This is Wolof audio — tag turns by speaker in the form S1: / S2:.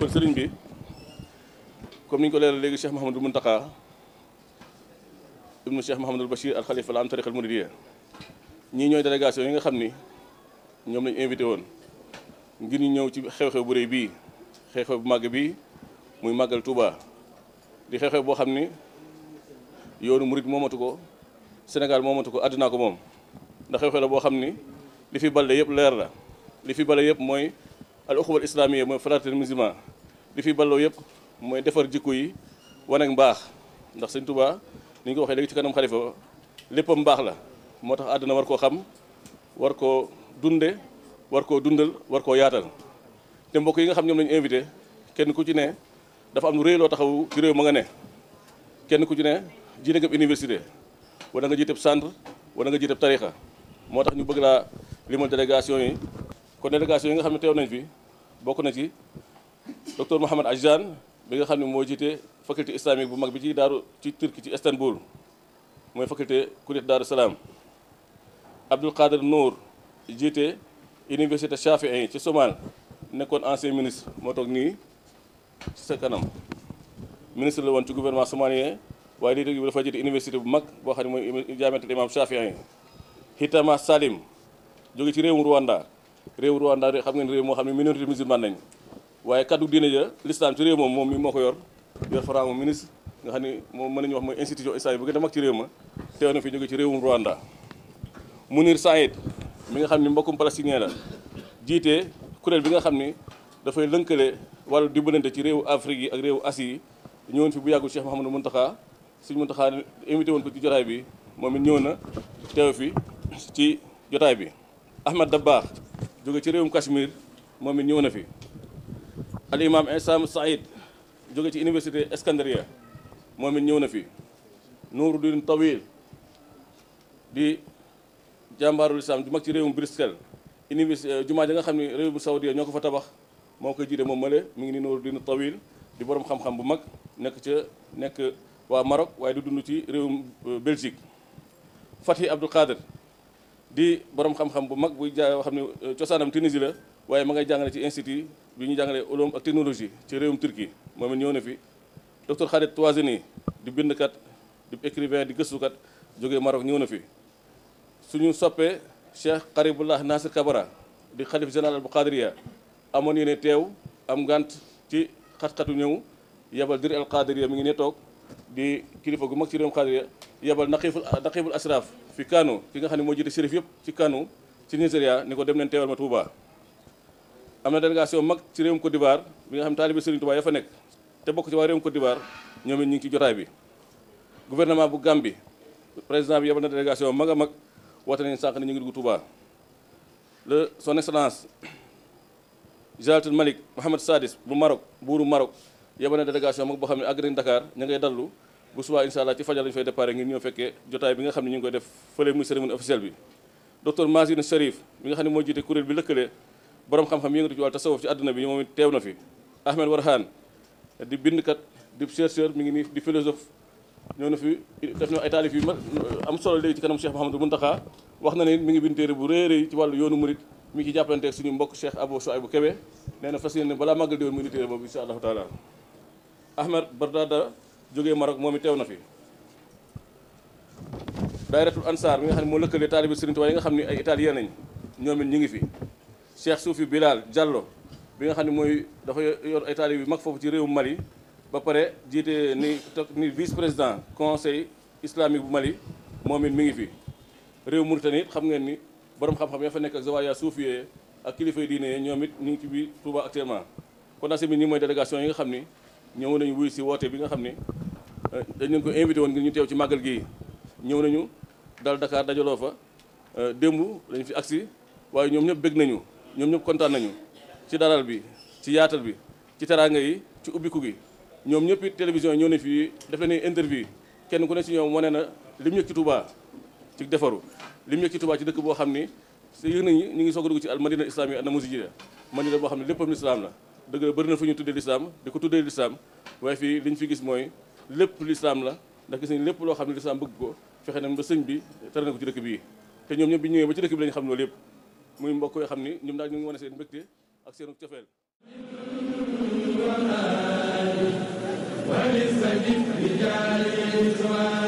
S1: kon sëriñ bi comme ni ñu ko leeral léegi Cheikh Mouhamadul Mountakha ibnu Cheikh Mouhamadul Bachir al Khalifa la am tariqal muridiyya ñii ñooy délégation yi nga xam ni ñoom lañu invité woon ngir ñu ñëw ci xew-xew bu rëy bii xew-xew bu màgg bii muy màggal Touba di xew-xew boo xam ni yoonu murid moomatu ko Sénégal moomatu ko àddinaa ko moom ndax xew-xew la boo xam ni li fi bale yëpp leer la li fi bale yëpp mooy al uxuwa al islamiyya mooy frater musulman li fi balloo yëpp mooy defar jikko yi wane ak mbaax ndax sëñ Tuubaa ni ñu ko waxee léegi ci kanam xalifa léppam mbaax la moo tax àdduna war koo xam war koo dunde war koo dundal war koo yaatal te mbokk yi nga xam ñoom lañu invité kenn ku ci ne dafa am lu réy loo taxaw ci réew ma nga ne kenn ku ci ne jiite nga université wala nga jiite centre wala nga jiite tarixa moo tax ñu bëgg laa limal délégation yi kon délégation yi nga xam ne teew nañ fi bokk na ci docteur Mohamed Ajjan bi nga xam ne moo jiite faculté islamique bu mag bi ci daaru ci Turquie ci Istanbul mooy faculté kuréet Daaru Salaam Abdul Qadir Nour jiite université Chafii ci Somal nekkoon ancien ministre moo toog nii ci sa kanam ministre la woon ci gouvernement somalien waaye léegi dafa jiite université bu mag boo xam ne mooy jaamiatul imam Chafii Hitama Salim jóge ci réewum Rwanda réewu Rwanda xam ngeen réew moo xam ne minorité musulmane nañ waaye kaddu diine ja l'islam ci réew moom moom mi moo ko yor yor Fra moom ministre nga xam ni moom mën nañu wax mooy institution islamique bu gën a mag ci réew ma teew na fi jóge ci réewum Rwanda Mounir Saïd mi nga xam ni mbokkum palestinien la jiite kuréel bi nga xam ni dafay lënkale wàllu dimbalante ci réewu Afrique yi ak réewu Asie yi ñëwoon fi bu yàggul Cheikh Mouhamadou Mountakha suñ Mountakha invité woon ko ci jotaay bi moom it ñëw na teew fi ci bi Ahmad ci réewum Cachemire moom it ñëw na fi al imam Issa Said, jóge ci université Escandria moom it na fi Tawil di jàmbaarul islam ju mag ci réewum Bristol université euh, jumaa ja nga xam ne réew bu Saoudia ñoo fa tabax male mi ngi ni Tawil di borom xam-xam bu mag ke ca nekk waa Maroc waaye di dund ci euh, Belgique Fatih Abdul Qadir di borom xam-xam bu mag buy jaa xam ne euh, cosaanam Tunisie la waaye ma ngay ci institut bi ñu jàngalee ulum ak technologie ci réewum Turquie moom it ñëw fi docteur Khalid Touazeni di bindkat di écrivain di gëstukat jógee Maroc ñëw na fi suñu soppee Cheikh Qaribullah Nasir Kabara di xalif général bu Qadiriya amoon yéene teew am ngant ci xat-xatu ñëw yebal dir mi ngi ne toog di kilifa gu mag ci réewum Qadiriya yebal naqiful naqiful asraf fi Kano ki nga xam ne moo jiite shérif yëpp ci Kano ci Nigeria ni ko dem teewal ma Touba am na délégation mag ci réewum Côte d'Ivoire bi nga xam taalibe Serigne Touba ya fa nekk te bokk ci waa réewum Côte d'Ivoire ñoom it ngi ci jotaay bi gouvernement bu Gambie président bi yebal na délégation mag a mag woote nañu sànq ne ñu ngi dugg Touba le son excellence Jalal Malik Mohamed Sadis bu Maroc buuru Maroc yebal na délégation ne ñu nga xam ne ñu ngi koy def fële muy cérémonie officielle bi docteur Mazine Sharif bi nga xam ne moo jiite kuréel bi lëkkale borom xam-xam yëngatu ci wàllu tasawuf ci àdduna bi moom teew na fi Ahmed Warhan di kat di chercheur mi ngi nii di philosophe ñëw na fi def na ay taalif yu am solo léegi ci kanam Cheikh Mouhamadou Mountakha wax na ne mi ngi bind téere bu rëy ci wàllu yoonu murit mi ngi ci suñu mbokk Cheikh Abou Souaïbou Kébé nee na fas yéene balaa màggal déwén mu ngi téere boobu incha allahu taala Ahmed Bardada jógee Maroc moom it teew na fi daayratul ansar mi moo lëkkalee taalibi Sëriñ yi nga xam ne ay italien nañ ñoom it ñi ngi fi Cheikh Soufi Bilal Diallo bi nga xamni moy dafa yor ay Mali ba paré jité ni vice président conseil islamique du Mali momit mi ngi fi. réew Mauritanie xam ngeen ni borom xam-xam ya fa nek ak ak ci Touba actuellement. kon délégation yi nga nañu wuy si woté bi nga xamni euh, ko invité won ngir ñu tew ci nañu dal Dakar fa euh, fi ñoom ñëpp kontaan nañu ci dalal bi ci yaatal bi ci teraanga yi ci ubbiku gi ñoom ñëpp it télévision yi ñoo ne fii def nañu interview kenn ku ne ci ñoom wane na li mu yëg ci Touba ci defaru li mu yëg ci Touba ci dëkk boo xam ni si yëg nañu ñu ngi soog a dugg ci al madina islam yi ana musijida madina boo xam ne léppam lislaam la dëgg la na fu ñu tuddee lislaam di ko tuddee lislaam waaye fii li fi gis mooy lépp lislaam la ndax gis nañ lépp loo xam ne lislaam bëgg ko fexe na ba sëñ bi tere na ko ci te ñoom ñëpp ñëwee ba ci dëkk bi xam loolu lépp muy mbokk yoo xam ni ñoom daal ñu ngi wane seen mbégte ak seenu cofeel wali